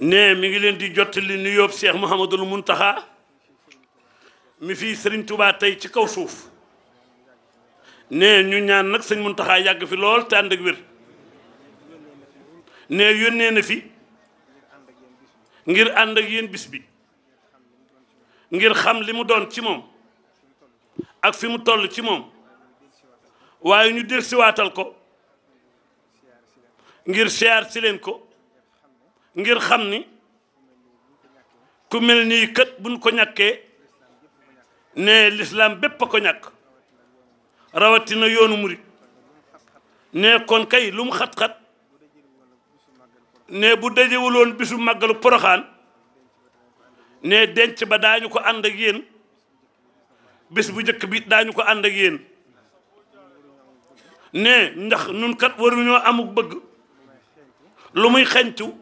ne mi ngi leen di jot seex jottali nuyoo Cheikh mun taxa mi fii sëriñ Touba tey ci kaw suuf ne ñu ñaan nag sëñ Mountakha yàgg fi lool te ànd ak wér ne yónnee na fi ngir ànd ak yéen bis bi ngir xam li mu doon ci moom ak fi mu toll ci moom waaye ñu dellusiwaatal ko ngir siyaar si leen ko. ngir xam ni ku mel nii kët buñ ko ñàkkee ne lislaam bépp a ko ñàkk rawatina yoonu muri ne kon kay lu mu xat-xat ne bu dajewuloon bisu màggalu poroxaan ne denc ba daañu ko ànd ak yéen bis bu jëkk bi daañu ko ànd ak yéen ne ndax nun kat waruñoo amuk bëgg lu muy xencu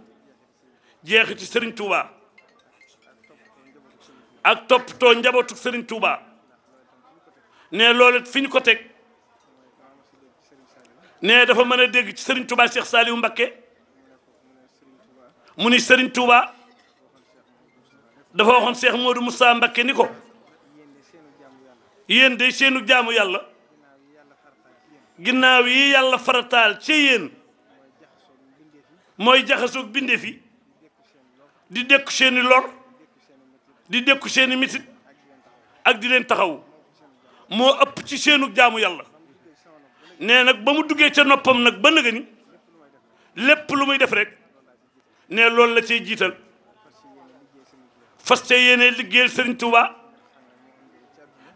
jeexi ci sëriñ Touba ak toppatoo njabootu sëriñ Touba ne loolu fi ñu ko teg ne dafa mën a dégg ci sëriñ Touba Cheikh Saliou Mbacké mu ni Serigne Touba dafa waxoon Cheikh mu Moussa Mbacké ni ko yéen day seenu jaamu yàlla ginnaaw yi yàlla farataal ci yéen mooy jaxasoog bindee fi di dékku seeni lor di dékku seeni mitit ak di leen taxaw moo ëpp ci seenu jaamu yàlla nee nag ba mu duggee ca noppam nag ba nëga lépp lu muy def rek ne loolu la cay jiital fas ca yéene liggéeyal sëriñ Tuubaa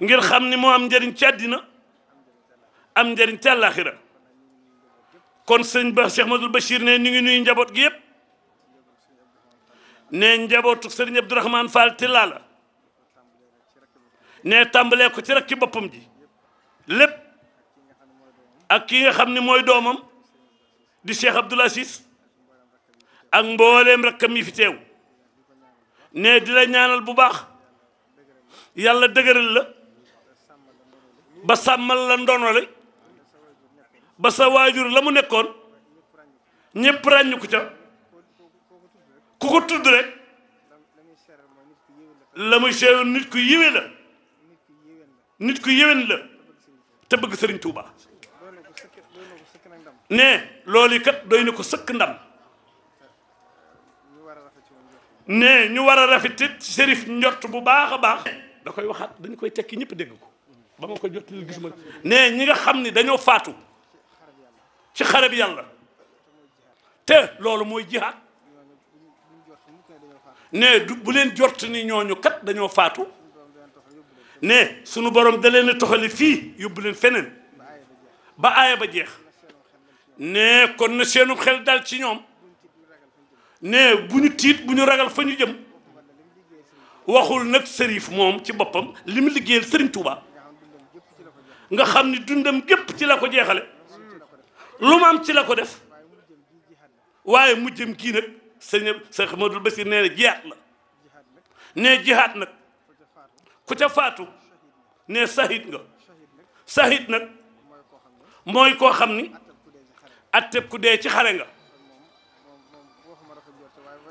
ngir xam ni moo am njëriñ ci àddina am njariñ ci àllaaxira kon sëriñ ba Cheikh Madul Bachir ne ñu ngi nuyu njaboot gi yëpp ne njabootu sëriñ Abdourahmane Fall Tilla la ne tàmbalee ko ci ci boppam ji lépp ak ki nga xam ni mooy doomam di Cheikh Abdoul Aziz ak mbooleem rakkam yi fi teew ne di la ñaanal bu baax yàlla dëgëral la ba sàmmal la ndonole ba sa waajur la mu nekkoon ñépp ràññu ko ca ku ko tudd rek la muy seew nit ku yiwe la nit ku yéwén la te bëgg sëriñ Touba ne loolu kat doy na ko sëkk ndam ne ñu war a rafetit sërif njort bu baax a baax da koy waxaat dañu koy tekki ñëpp dégg ko ba ma koy jot li gisuma ne ñi nga xam ni dañoo faatu ci xare bi yàlla te loolu mooy jihaat ne du bu leen jort ni ñooñu kat dañoo faatu ne sunu borom da leen toxali fii yóbbu leen feneen ba aaya ba jeex ne kon na seenu xel dal ci ñoom ne bu tiit bu ragal fa jëm waxul nag sërif moom ci boppam li mu liggéeyal Touba nga xam dundam gépp ci la ko jeexale lu am ci la ko def waaye mujjëm kii nag sëñ Cheikh Madul Basir nee na jihaat la nee jihaat nag ku ca faatu nee sahid nga sahid nag mooy koo xam ni atteb ku dee ci xare nga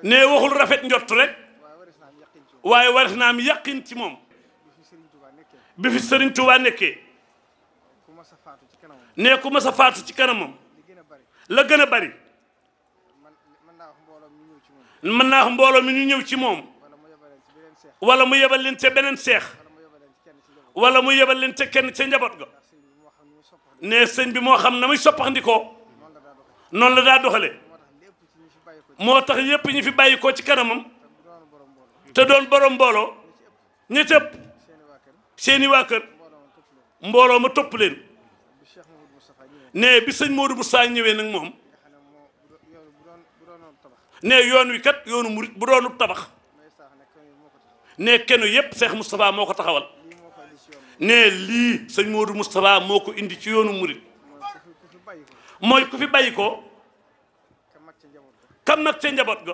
nee waxul rafet njott rek waaye waris naa am yàqin ci moom bi fi Sëriñ Tuubaa nekkee ne ku mas a faatu ci kanamam la gën a bari mën naa wax mbooloo mi ñu ñëw ci moom wala mu yebal leen ca beneen seex wala mu yebal leen ca kenn ca njaboot ga ne sëñ bi moo xam na muy soppaxndikoo noonu la daa doxale moo tax yépp ñi fi bàyyi ko ci kanamam te doon borom mbooloo ña cëpp seeni waa kër mbooloo ma topp leen ne bi sëñ Modou Moussa ñëwee nag moom ne yoon wi kat yoonu murit bu doonub tabax ne kenn yépp seex Moustapha moo ko taxawal ne lii sëñ Modou Moustapha moo ko indi ci yoonu murit mooy ku fi bàyyi ko kam nag ca njaboot ga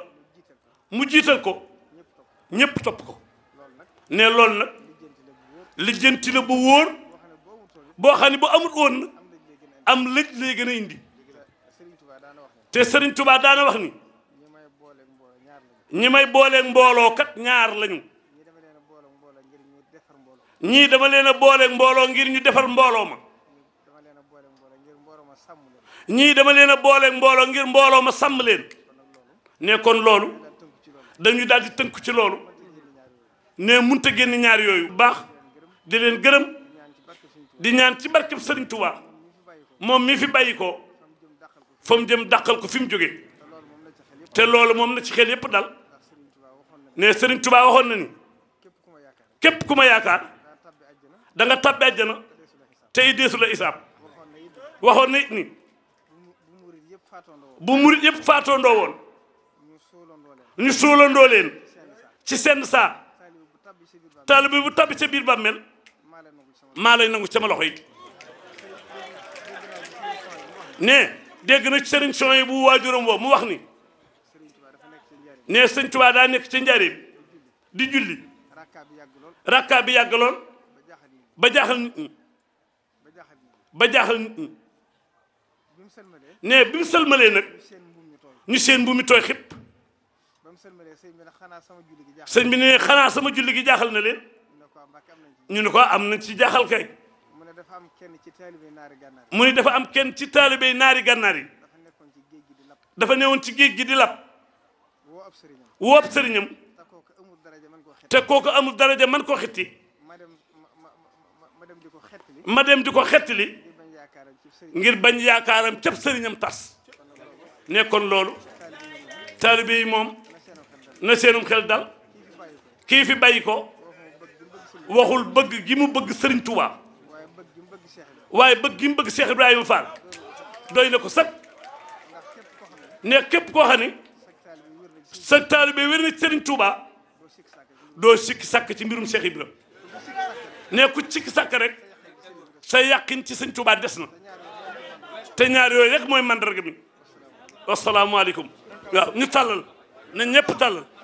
mu jiital ko ñépp topp ko ne loolu nag lijjanti la bu wóor boo xam ne bu amul woon am lëj lay gën a indi te Serigne tubaa daana wax ni ñi may booleeg mbooloo kat ñaar lañu ñii dama leen a booleeg mbooloo ngir ñu defar mbooloo ma ñii dama leen a booleeg mbooloo ngir mbooloo ma sàmm leen ne kon loolu dañu daal di tënku ci loolu ne mun munta génn ñaar yooyu baax di leen gërëm di ñaan ci barkeb Sëriñ Tuubaa moom mi fi bàyyi ko fa mu jëm dàqal ko fi mu jógee te loolu moom na ci xel yépp dal ne Serigne Touba waxoon na ni képp ku ma yaakaar da nga tabbi àjjana tey deesu la isaab waxoon na it ni bu murit yëpp faatoondoo woon ñu suulandoo leen ci seen saa taalibe bu tabbi ca biir bàmmeel maa lay nangu sama loxo yi ne dégg na sëriñ son yi bu waajuram woo mu wax ni ne sëñ Tuubaa daa nekk ci njariñ di julli rakkaa bi yàgg lool ba jaaxal nit ñi ba jaaxal nit ñi ne bi mu sëlmalee nag ñu seen mbuum mi tooy xëpp sëñ bi ne xanaa sama julli gi jaaxal na leen ñu ne ko am nañ ci jaaxal kay mu ne dafa am kenn ci taalibe naari gànnaar yi dafa nekkoon ci géej gi di lab dafa newoon ci géej gi di lab woo ab sëriñam woo ab sëriñam te kooku amul daraja man ko xitti ma dem di ko xettali ngir bañ yaakaaram cëpp sëriñam tas ne nekkoon loolu taalibe moom na seenum xel dal kii fi bàyyi ko waxul bëgg gi mu bëgg sëriñ Tuubaa waaye bëgg gi mu bëgg Cheikh Ibrahima Fall doy na ko sëkk ne képp koo xam ne sa taalibe wér na Serigne Touba doo sikki sàkk ci mbirum Cheikh Ibrahima ne ku sikki sàkk rek sa yàqin ci Serigne Touba des na te ñaar yooyu rek mooy mandarga mi wasalaamualeykum waaw ñu tàllal na ñëpp tàllal